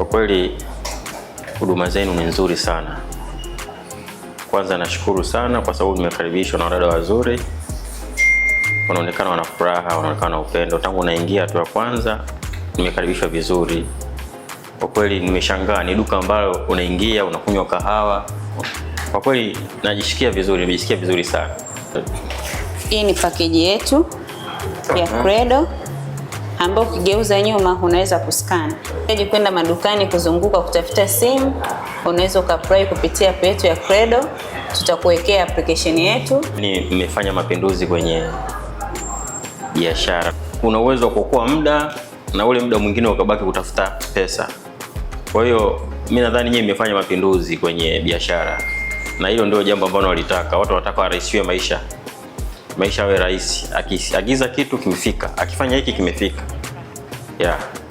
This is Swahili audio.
Kwa kweli huduma zenu ni nzuri sana. Kwanza nashukuru sana kwa sababu nimekaribishwa na wadada wazuri, wanaonekana wana furaha, wanaonekana na upendo. Tangu naingia hatua ya kwanza nimekaribishwa vizuri. Kwa kweli nimeshangaa, ni duka ambalo unaingia unakunywa kahawa. Kwa kweli najisikia vizuri, nimejisikia vizuri sana. Hii ni pakeji yetu ya Credo ambao ukigeuza nyuma unaweza kuscan. Unahitaji kwenda madukani kuzunguka kutafuta simu, unaweza ukaapply kupitia app yetu ya Credo, tutakuwekea application yetu. mmefanya mapinduzi kwenye biashara, kuna uwezo wa kuokoa muda na ule muda mwingine ukabaki kutafuta pesa. Kwa hiyo mimi nadhani nyinyi mmefanya mapinduzi kwenye biashara, na hilo ndio jambo ambalo walitaka watu, wanataka warahisishiwe maisha maisha yawe rahisi, akiagiza kitu kimefika, akifanya hiki kimefika, yeah.